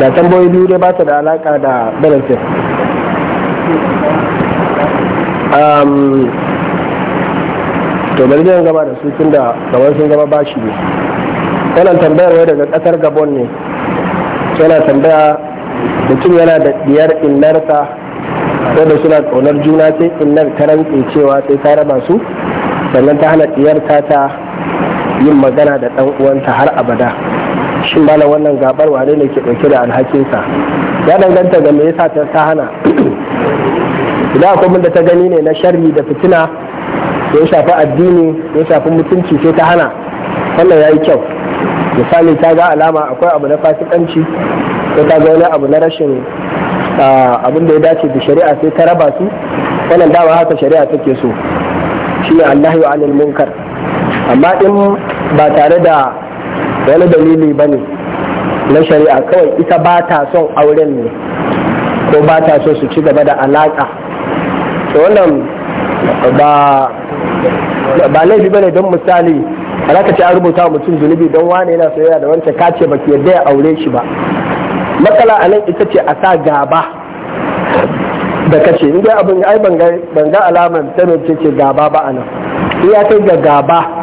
ga tambayoyi biyu dai ba ta da alaka da benefit um, to bari zan gaba da su tun da gaban sun gaba bashi ne wannan tambayar wai daga kasar gabon ne yana tambaya mutum yana da diyar innarsa da suna ƙaunar juna sai innar ta rantse cewa sai ta raba su sannan ta hana diyar ta ta yin magana da ɗan uwanta har abada shin bala wannan gabar wane ne ke dauke da alhakinsa ya danganta ga me yasa ta hana idan akwai da ta gani ne na sharri da fitina ya shafi addini ya shafi mutunci sai ta hana wannan yayi kyau misali ta ga alama akwai abu na fasikanci ko ta ga wani abu na rashin abin da ya dace da shari'a sai ta raba su wannan dama haka shari'a take so shi ne allahi wa munkar amma in ba tare da wani dalili ba ne na shari'a kawai ita ba ta son auren ne ko ba ta so su ci gaba da alaƙa to wannan ba laifi ba ne don misali alaƙa ce an rubuta wa mutum zunubi don wane yana soyayya da wancan kace ba ke yarda ya aure shi ba matsala a nan ita ce a sa gaba da kace in dai abin ai ban ga alamar ce ce gaba ba a nan iya kai ga gaba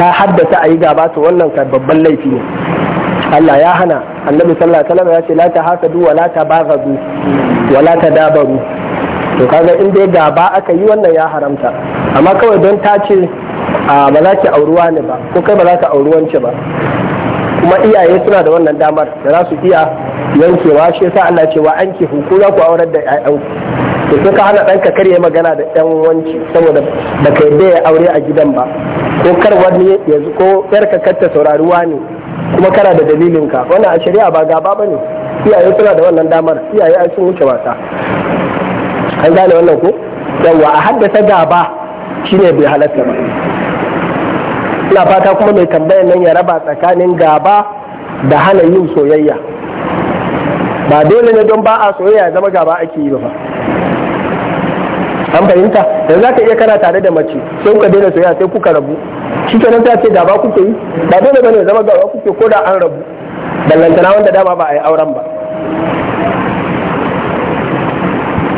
ka haddasa a yi gaba to wannan ka babban laifi ne Allah ya hana annabi sallallahu alaihi wasallam ya ce la ta hasadu wa la ta baghadu wa la ta dabaru to kaga in dai gaba aka yi wannan ya haramta amma kawai don ta ce ba za ki auruwa ne ba ko kai ba za ka auri wance ba kuma iyaye suna da wannan damar da za su iya yankewa shi yasa Allah ce wa anki ku za ku aurar da 'ya'yanku? to sai ka hana ɗanka karya magana da ƴan wanci saboda ba ka da ya aure a gidan ba ko kar wani yanzu ko yarka katta saurari wani kuma kana da dalilinka wani wannan a shari'a ba gaba ba ne iyaye suna da wannan damar iyaye ai sun wuce wasa an gane wannan ko yawa a haddasa gaba shine bai halatta ba ina fata kuma mai tambayar nan ya raba tsakanin gaba da hana yin soyayya ba dole ne don ba a soyayya zama gaba ake yi ba an fahimta za ka iya kana tare da mace sai kuka daina soyayya sai kuka rabu shikenan ta ce da ba kuke yi ba dole bane zama gaba kuke ko da an rabu na wanda dama ba a yi auren ba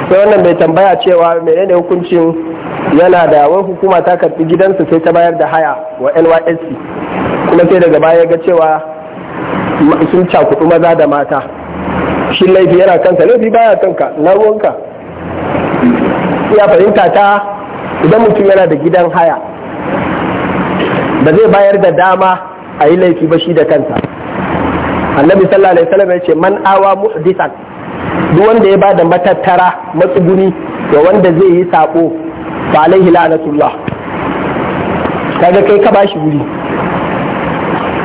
sai wannan mai tambaya cewa menene hukuncin yana da wani hukuma ta karfi gidansa sai ta bayar da haya wa nysc kuma sai daga baya ga cewa sun cakudu maza da mata shi laifi yana kansa laifi baya kanka na ruwanka ya fahimta ta idan mutum yana da gidan haya ba zai bayar da dama a yi laifi ba shi da kansa annabi sallallahu alaihi wasallam ya ce man awa muhdisan duk wanda ya bada matattara matsuguni ga wanda zai yi sako fa alaihi la'natullah kaga kai ka bashi guri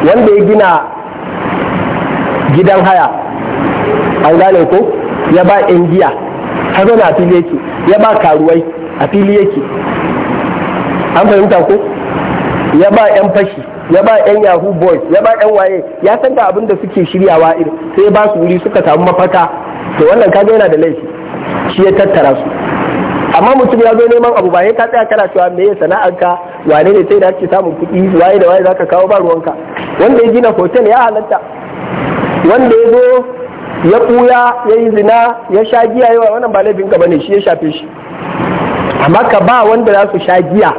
wanda ya gina gidan haya an gane ko ya ba yan giya hazana a fili yake ya ba karuwai a fili yake an fahimta ko ya ba yan fashi ya ba yan yahoo boys ya ba yan waye ya san da abin da suke shiryawa irin sai ya ba su wuri suka samu mafaka to wannan kaga yana da laifi shi ya tattara su amma mutum ya zo neman abu ba ya ka tsaya kana cewa me ya ka wane ne sai da ake samun kuɗi waye da waye zaka kawo ba ruwanka wanda ya gina hotel ya halatta wanda ya zo ya ɓuya ya yi zina ya sha giya yawa wannan ba laifin ka bane shi ya shafe shi amma ka ba wanda za su sha giya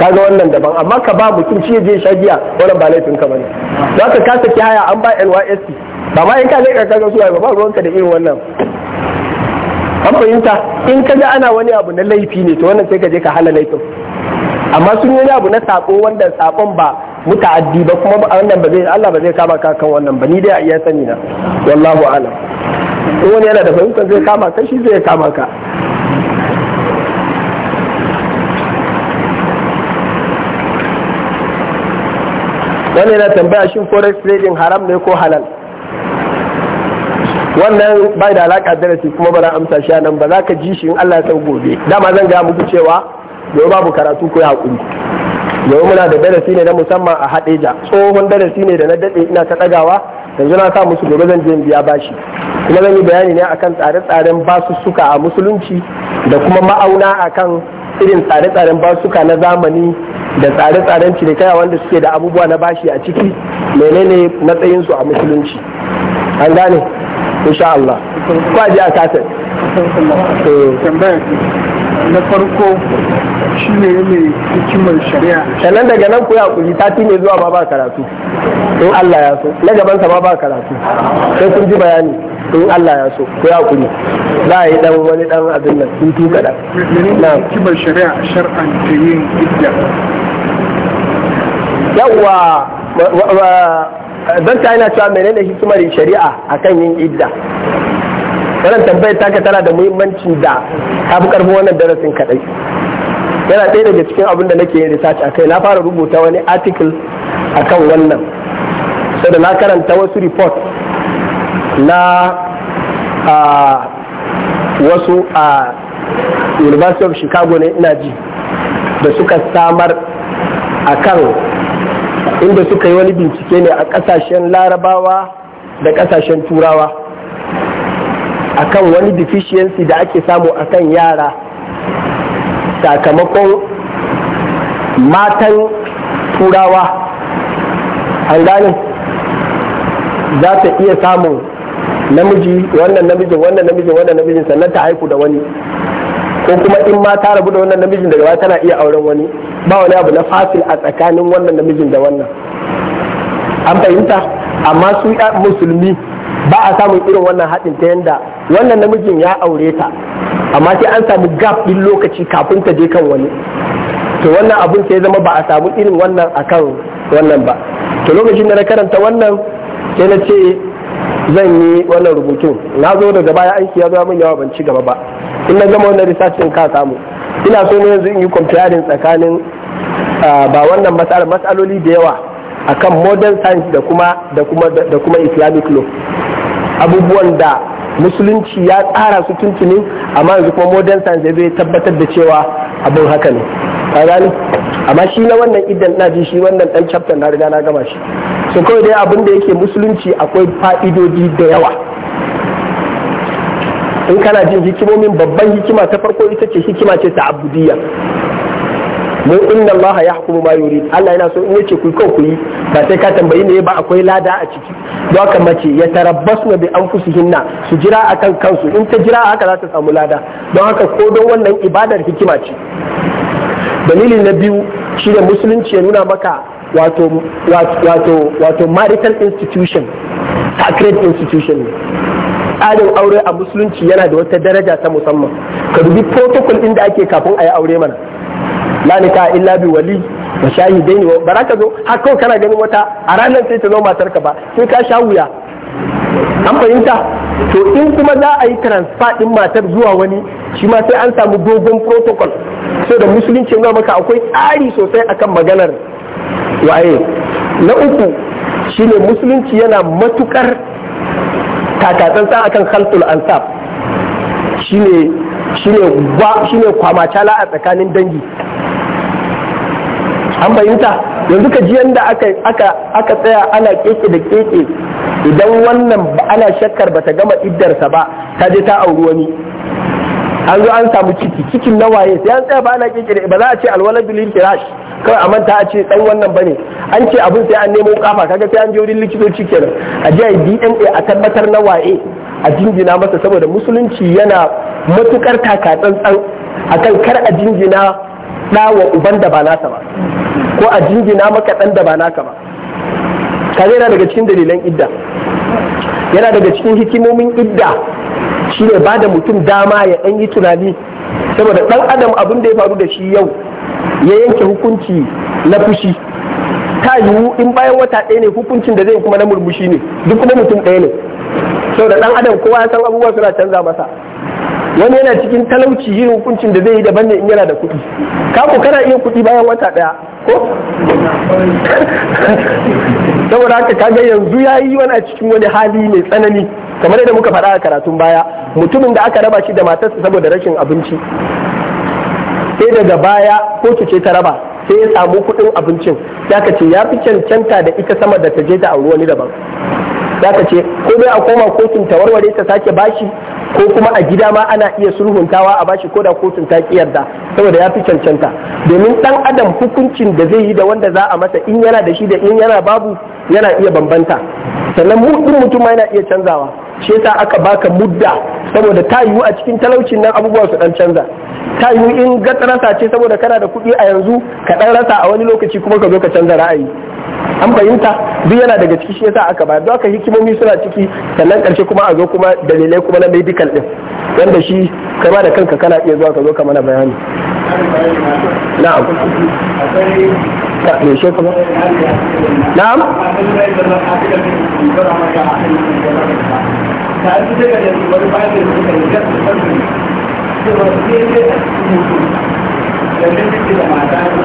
kaga wannan daban amma ka ba mutum shi ya je sha giya wannan ba laifin ka bane za ka kasa ki haya an ba NYSC ba ma in ka zai karkar su ba ruwanka da irin wannan an fahimta in ka ga ana wani abu na laifi ne to wannan sai ka je ka hala laifin amma sun yi abu na sako wanda sakon ba muta'addi ba kuma wannan ba zai Allah ba zai kama ka kan wannan ba ni dai a iya sani na wallahu alam in wani yana da fahimtar zai kama ka shi zai kama ka wani yana tambaya shin forex trading haram ne ko halal wannan bai da alaƙa darasi kuma ba na amsa shi nan ba za ka ji shi in Allah ya san gobe dama zan gaya muku cewa gobe babu karatu ko ya haƙuri yau muna da darasi ne na musamman a haɗeja tsohon darasi ne da na daɗe ina ta ɗagawa yanzu na sa musu gobe zan je biya bashi kuma zan yi bayani ne akan tsare-tsaren basussuka a musulunci da kuma ma'auna akan irin tsare-tsaren basuka na zamani da tsare-tsaren cinikaya wanda suke da abubuwa na bashi a ciki menene matsayinsu a musulunci an gane insha Allah ko a je a kasar na farko shi ne ne hikimar shari'a sannan daga nan ku ya kuli ta ne zuwa ba ba karatu in Allah ya so na gaban sa ba ba karatu sai kun ji bayani in Allah ya so ku ya kuli za a yi dan wani dan abin nan hutu kadan na hikimar shari'a shar'an ta yin idda yawwa zan ta yana cewa menene hikimar shari'a akan yin idda wannan tambayar taka tana da muhimmanci da ta fi karfin wannan darasin kadai yana ɗaya daga cikin abin da nake yin research kai na fara rubuta wani article kan wannan saboda na karanta wasu report na a wasu a university of chicago ne ina ji da suka samar a kan inda suka yi wani bincike ne a kasashen larabawa da kasashen turawa akan wani deficiency da ake samu akan yara sakamakon matan turawa an gane za ta iya samun namiji wannan namijin wannan namijin wannan namijin sannan ta haiku da wani ko kuma in ma ta rabu da wannan namijin daga baya tana iya auren wani ba wani abu na fasil a tsakanin wannan namijin da wannan an fahimta amma su musulmi ba a samun irin wannan haɗin ta yanda wannan namijin ya aure ta amma sai an samu gap din lokaci kafin ta je kan wani to wannan abun sai zama ba a samu irin wannan akan wannan ba to lokacin da na karanta wannan sai na ce zan yi wannan rubutun na zo daga baya aiki ya zama yawa ban ci gaba ba in na gama wannan research din ka samu ina so ne yanzu in yi comparing tsakanin ba wannan matsalar matsaloli da yawa akan modern science da kuma da kuma da kuma islamic law abubuwan da musulunci ya tsara su tuntuni amma yanzu kuma modern science zai tabbatar da cewa abin haka ne ka gani amma shi na wannan idan na ji shi wannan dan chapter na riga na gama shi so kawai dai abin da yake musulunci akwai fa'idodi da yawa in kana jin hikimomin babban hikima ta farko ita ce hikima ce ta abudiyya mu inna Allah ya hukumu ma yuri Allah yana so in yace ku kan ku yi ba sai ka tambayi ne ba akwai lada a ciki don haka mace ya tarabbasu bi anfusihinna su jira akan kansu in ta jira haka za ta samu lada don haka ko don wannan ibadar hikima ce dalili na biyu shine musulunci ya nuna maka wato wato wato marital institution sacred institution ne tsarin aure a musulunci yana da wata daraja ta musamman ka dubi protocol inda ake kafin a yi aure mana la illa bi wali wa shahidaini wa baraka zo har kawai kana ganin wata a ranar sai ta zo matarka ba sai ka sha wuya an fahimta to in kuma za a yi transfer din matar zuwa wani shi ma sai an samu dogon protocol so da musulunci nuna maka akwai ari sosai akan maganar waye na uku shine musulunci yana matukar takatsantsan akan khalqul ansab shine shine shine kwamacala a tsakanin dangi an fahimta yanzu ka ji yadda aka tsaya ana keke da keke idan wannan ana shakkar ba ta gama iddarsa ba ta je ta auri wani an zo an samu ciki cikin na waye sai an tsaya ba ana keke da ba za a ce alwaladul firash kawai a manta a ce dan wannan bane an ce abin sai an nemo kafa kaga sai an je wurin likitoci kenan a je DNA a tabbatar na waye a jingina masa saboda musulunci yana matukar takatsantsan akan kar a jingina ɗa wa uban da ba nasa ba ko a jingina maka ɗan da ba naka ba Kare yana daga cikin dalilan idda yana daga cikin hikimomin idda ne ba da mutum dama ya ɗan yi tunani saboda ɗan adam abin da ya faru da shi yau ya yanke hukunci na fushi ta yiwu in bayan wata ɗaya ne hukuncin da zai kuma na murmushi ne duk kuma mutum ɗaya ne saboda ɗan adam kowa ya san abubuwa suna canza masa wani yana cikin talauci yin hukuncin da zai yi daban ne in yana da kuɗi ka kana iya kuɗi bayan wata ɗaya ko saboda haka kaga yanzu ya yi wani a cikin wani hali mai tsanani kamar yadda muka faɗa a karatun baya mutumin da aka raba shi da matarsa saboda rashin abinci sai daga baya kotu ce ta raba sai ya samu kuɗin abincin ya ka ce ya fi cancanta da ita sama da ta je ta auri wani daban za ka ce ko dai a koma kotun ta warware ta sake bashi ko kuma a gida ma ana iya sulhuntawa a bashi koda kotun ta ki yarda saboda ya fi cancanta domin dan adam hukuncin da zai yi da wanda za a masa in yana da shi da in yana babu yana iya bambanta sannan mutum mutum ma yana iya canzawa shi yasa aka baka mudda saboda ta yiwu a cikin talaucin nan abubuwa su dan canza ta yiwu in gatsa rasa ce saboda kana da kuɗi a yanzu ka dan rasa a wani lokaci kuma ka zo ka canza ra'ayi an fahimta duk yana daga ciki shi yasa aka bayar don haka hikimomi suna ciki sannan karshe kuma a zo kuma dalilai kuma na medical din wanda shi kama da kanka kana iya zuwa ka zo ka mana bayani na'am me shi kuma na'am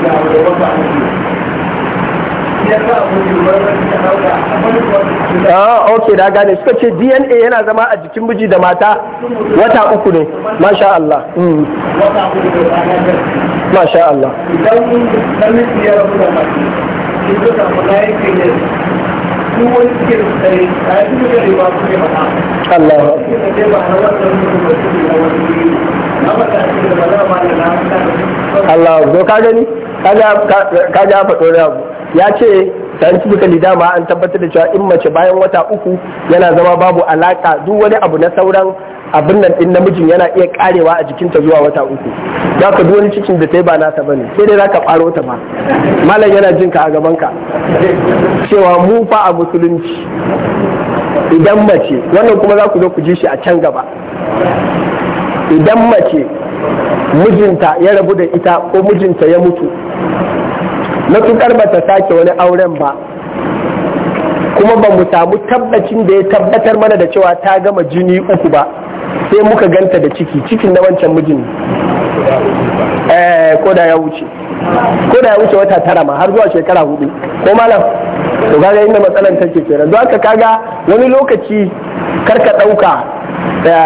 da ah ok da, gane suka ce dna yana zama a jikin miji da mata wata uku ne masha Allah hmm. masha Allah Allah Allah zo ka gani ka faɗo da abu ya ce scientifically dama an tabbatar da cewa in mace bayan wata uku yana zama babu alaka duk wani abu na sauran abin nan din namijin yana iya karewa a jikinta zuwa wata uku za ka wani cikin da ta yi ba nata bane sai dai za ka faro ta ma malam yana jin ka a gaban ka cewa mu fa a musulunci idan mace wannan kuma za ku zo ku ji shi a can gaba idan mace mijinta ya rabu da ita ko mijinta ya mutu matuƙar ba ta sake wani auren ba kuma ba mu samu tabbacin da ya tabbatar mana da cewa ta gama jini uku ba sai muka ganta da ciki cikin na wancan mijin eh, ko da ya wuce ko da ya wuce wata tara ma har zuwa shekara hudu ko malam to kaga inda matsalan take kenan don haka kaga wani lokaci karka dauka da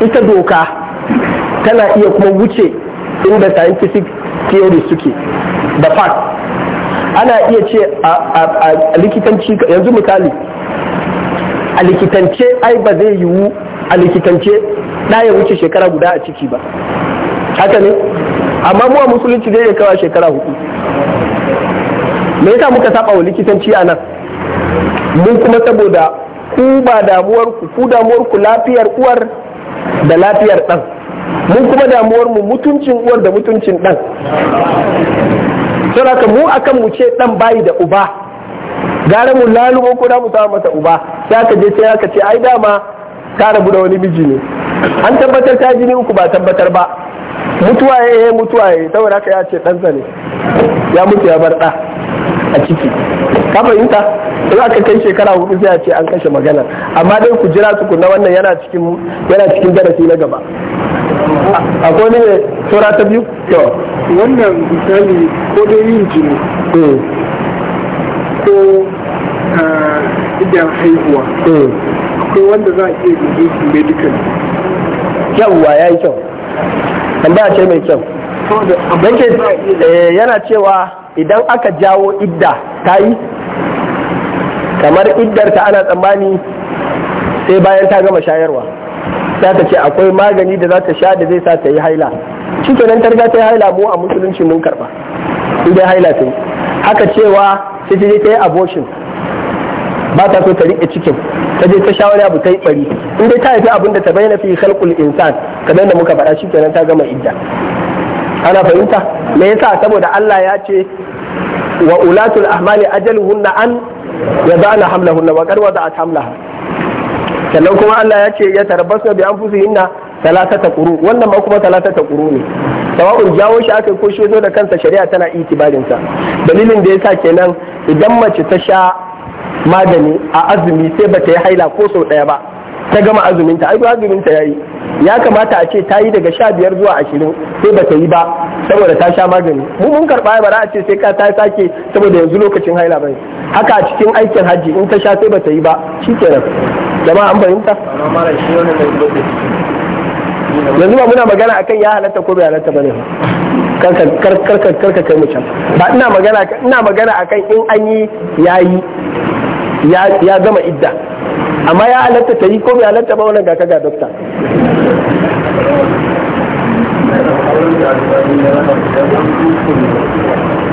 eh, ita doka tana iya kuma wuce inda scientific theory suke da fact ana iya ce a likitanci yanzu misali a likitance ai ba zai yiwu a likitance na ya wuce shekara guda a ciki ba haka ne amma mu a musulunci zai kawo shekara hudu me yasa muka saba wa likitanci a nan mun kuma saboda ku ba damuwar ku ku damuwar ku lafiyar uwar da lafiyar dan mun kuma damuwar mu mutuncin uwar da mutuncin dan saboda mu akan mu ce dan bayi da uba gara mu lalu ko kuna mu sa masa uba sai aka je sai aka ce ai dama ta rabu da wani miji ne an tabbatar ta jini uku ba tabbatar ba mutuwa ya yi mutuwa ya yi, saboda haka ya ce ɗansa ne ya mutu ya bar ɗa a ciki ka fahimta in aka kai shekara hudu sai a ce an kashe magana, amma dai ku jira su kunna wannan yana cikin yana cikin darasi na gaba akwai ne sura ta biyu wannan misali ko dai yin jini hmm. ko ah, idan haihuwa hmm. akwai wanda za a iya guje su medical yawwa ya yi kyau a ce mai kyau eh, yana cewa idan aka jawo idda ta yi kamar iddar ta ana tsammani sai bayan ta gama shayarwa za ta ce akwai magani da za ta sha da zai sa ta yi haila shi kenan ta riga ta yi haila mu a musulunci mun karba in dai haila ta yi haka cewa ta je ta yi abortion ba ta so ta riƙe cikin ta je ta shawara abu ta yi bari in dai ta haifi abin da ta bayyana fi khalqul insan kamar da muka faɗa shi kenan ta gama idda ana fahimta me yasa saboda Allah ya ce wa ulatul ahmali ajaluhunna an yada'na hamlahunna wa qad wada'at hamlaha sannan kuma Allah ya ce ya tarabbasna bi anfusihinna talatata kuru wannan ma kuma talatata kuru ne sawa'un jawo shi aka ko shi zo da kansa shari'a tana itibarin sa dalilin da ya yasa kenan idan mace ta sha magani a azumi sai ba ta yi haila ko sau ɗaya ba ta gama azuminta ai azuminta yayi ya kamata a ce ta yi daga sha biyar zuwa ashirin sai ba ta yi ba saboda ta sha magani mu mun karɓa ba za a ce sai ka ta sake saboda yanzu lokacin haila bane haka a cikin aikin hajji in ta sha sai ba ta yi ba shikenan jama'a an fahimta yanzu ba muna magana akan ya halatta ko bai halatta bane karka kai mu can ba ina magana ina magana akan in an yi yayi ya gama idda amma ya halatta ta yi ko bai halatta ba wannan ga kaga dokta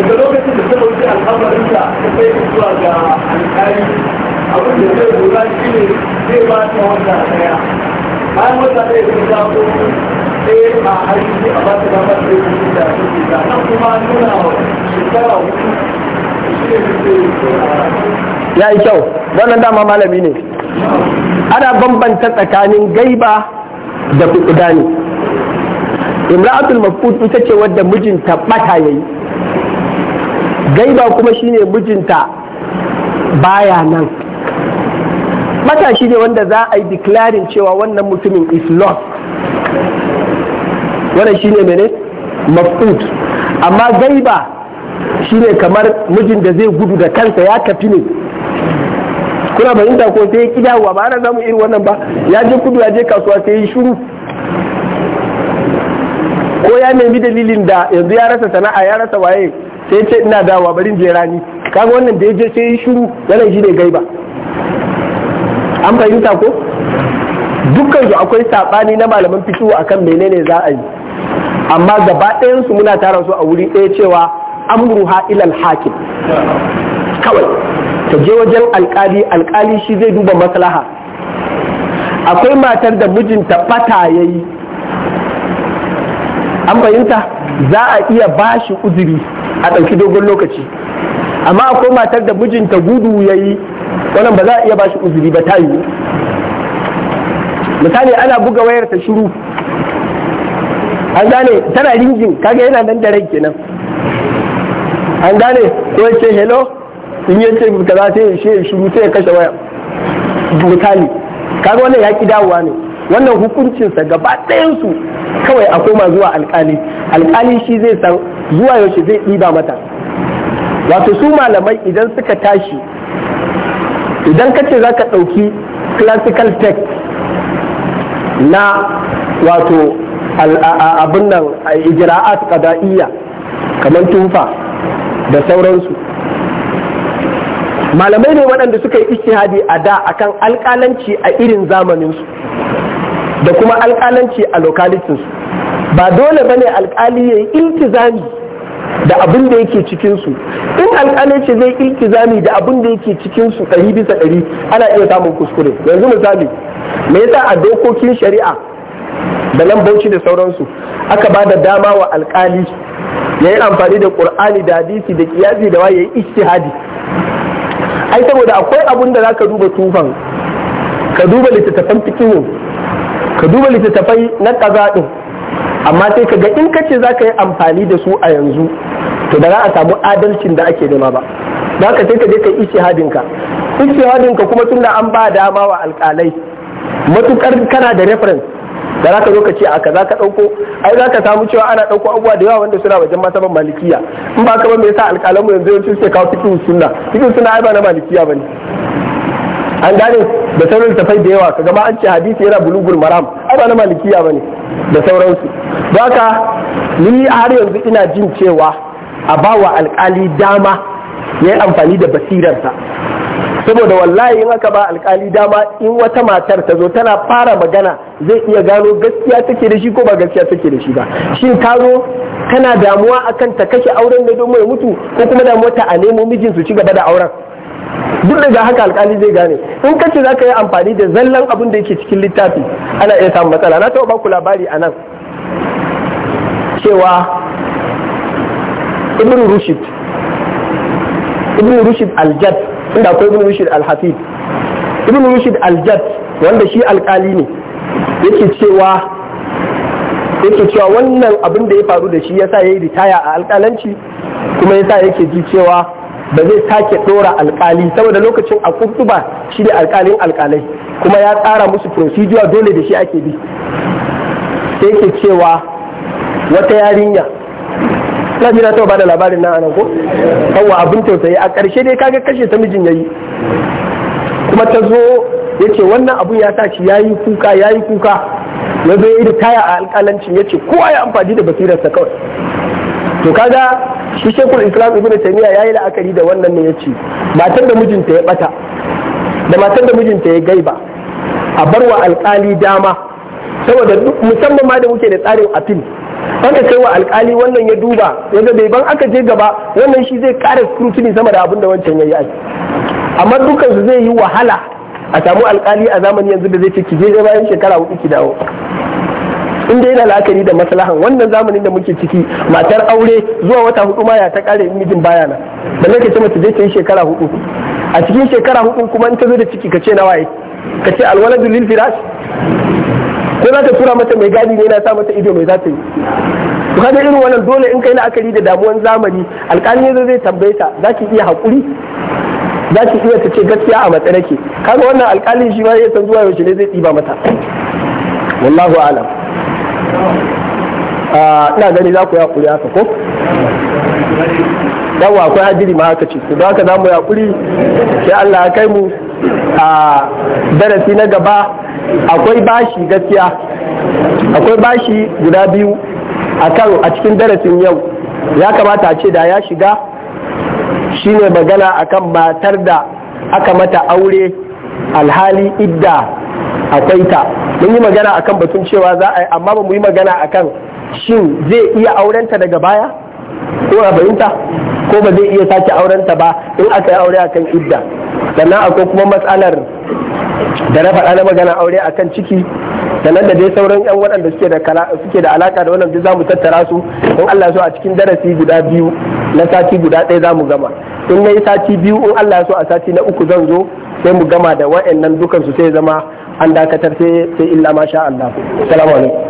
daga lokacin da suka wuce al'amarin da ta kai zuwa ga alƙali abin da zai lura shi ne zai ba ta wata ɗaya bayan wata ɗaya zai zaɓo sai a aiki a ba ta dama sai ta shi da su ke zaɓa kuma nuna wa shekara hudu shi ne zai ya yi kyau wannan dama malami ne ana bambanta tsakanin gaiba da kuɗuɗa ne imra'atul mafud ita ce wadda mijinta bata yayi gaiba kuma shine mijinta baya nan matashi ne wanda za a yi declaring cewa wannan mutumin is lost wannan shine mene mafut amma gaiba shine kamar mijin da zai gudu da kansa ya tafi ne kuna da ko sai ya ki wa ba ana zamu irin wannan ba ya je kudu ya je kasuwa sai ya shuru ko ya nemi dalilin da yanzu ya rasa sana'a ya rasa waye sai ce ina dawa barin je rani kaga wannan da ya je sai shiru yana shi ne gaiba an fahimta ko dukkan su akwai sabani na malaman fitowa akan menene za a yi amma gaba ɗayan su muna tara su a wuri ɗaya cewa amruha ilal hakim kawai ta je wajen alkali alkali shi zai duba maslaha akwai matar da mijinta fata yayi an fahimta za a iya bashi uzuri a ɗauki dogon lokaci amma akwai matar da mijinta gudu ya yi wannan ba za a iya ba shi uzuri ba ta yi misali ana buga wayar ta shiru an gane tana ringin kaga yana nan da rai kenan an gane ko ya ce hello in ya ce kaza sai ya shiru sai ya kashe waya misali kaga wannan ya ki dawowa ne wannan hukuncinsa gaba ɗayansu kawai a koma zuwa alkali alkali shi zai san zuwa yaushe zai ɗiba mata wato su malamai idan suka tashi idan ka ce za ka ɗauki classical text na wato abin nan a ijira'at qada'iyya kamar tufa da sauransu malamai ne waɗanda suka yi istihadi a da akan alƙalanci a irin zamaninsu da kuma alƙalanci a lokalitinsu ba dole bane alƙali ya yi iltizami da abin da yake cikinsu in alƙalanci zai iltizami da abin da yake cikinsu ɗari bisa ɗari ana iya samun kuskure yanzu misali me yasa a dokokin shari'a da lambauci da sauransu aka ba da dama wa alkali ya yi amfani da ƙur'ani da hadisi da kiyasi da waye ijtihadi ai saboda akwai abun da za ka duba tufan ka duba littattafan fikihu ka duba littattafai na kaza din amma sai ka ga in ka ce za ka yi amfani da su a yanzu to da za a samu adalcin da ake nema ba za ka sai ka je ka ishe hadinka. ishe hadinka kuma tun da an ba dama wa alƙalai matukar kana da reference da za ka zo ka ce a kaza ka ɗauko ai za ka samu cewa ana ɗauko abubuwa da yawa wanda suna wajen masaban malikiya in ba ka ba me sa alƙalan mu yanzu yawanci suke kawo fikin suna, fikin suna ai ba na malikiya ne. an gane da sauran tafai da yawa ka gama an ce hadisi yana bulugul maram ai ba na malikiya ba ne da sauransu don haka ni har yanzu ina jin cewa a ba wa alkali dama ya yi amfani da basirarsa saboda wallahi in aka ba alkali dama in wata matar ta zo tana fara magana zai iya gano gaskiya take da shi ko ba gaskiya take da shi ba shin ta zo tana damuwa akan ta kashe auren da domin mutu ko kuma damuwa ta a nemo mijin su ci gaba da auren duk daga haka alkali zai gane in ka ce za ka yi amfani da zallan abin da yake cikin littafi ana iya samun matsala na taɓa baku labari a nan cewa ibn rushid ibn rushid aljad inda akwai ibn rushid alhafid ibn rushid aljad wanda shi alkali ne yake cewa yake cewa wannan abin da ya faru da shi yasa yayi ritaya a alkalanci kuma yasa yake ji cewa ba zai sake dora alkali saboda lokacin a kurtuba shi da alkalin alkalai kuma ya tsara musu procedure dole da shi ake bi sai ke cewa wata yarinya na jira ta bada labarin na anan ko kawo abin tausayi a ƙarshe dai kaga kashe ta mijin yayi kuma ta zo ya wannan abun ya sa ya yayi kuka yayi kuka ya zo ya yi taya a alƙalancin ya ce kowa ya amfani da basirarsa kawai to kaga shi shekul islam taimiya ya yi la'akari da wannan ne ce matan da mijinta ya bata da matan da mijinta ya gaiba a bar wa alkali dama saboda musamman ma da muke da tsarin appeal ka kai wa alkali wannan ya duba ya bai ban aka je gaba wannan shi zai kara scrutiny sama da abin da wancan yi yi amma dukansu zai yi wahala a samu alkali a zamani yanzu da zai ce ki je bayan shekara hudu ki dawo in dai yana la'akari da maslahan wannan zamanin da muke ciki matar aure zuwa wata hudu ma ya ta kare mijin baya na balle ka ce mace je ta yi shekara hudu a cikin shekara hudu kuma in ta zo da ciki ka ce nawaye ka ce alwaladu lil firash ko za ta tura mata mai gadi ne yana sa mata ido mai za ta yi to kaga irin wannan dole in kai la'akari da damuwan zamani alƙali zai tambaye ta za ki iya haƙuri za ki iya ta ce gaskiya a matsa nake kaga wannan alƙalin shi ma ya san zuwa yaushe ne zai tsiba mata wallahu alam Ah, ina gani za ku ya kuri haka ko yawa akwai hadiri ma haka ce su don haka za mu ya kuri sai Allah ya kai mu a ah, darasi na gaba akwai bashi gaskiya akwai bashi guda biyu a karo a cikin darasin yau ya kamata a ce da ya shiga shine magana akan matar da aka mata aure alhali idda akwai ta mun yi magana akan batun cewa za a yi amma ba mu yi magana akan shin zai iya aurenta daga baya ko a bayinta ko ba zai iya sake aurenta ba in aka yi aure akan idda sannan akwai kuma matsalar da na faɗa na magana aure akan ciki sannan da dai sauran yan waɗanda suke da suke da alaka da wannan duk zamu tattara su in Allah so a cikin darasi guda biyu na sati guda ɗaya zamu gama in nayi sati biyu in Allah so a sati na uku zan zo sai mu gama da waɗannan dukan su sai zama an dakatar sai illa ma sha Allah assalamu alaikum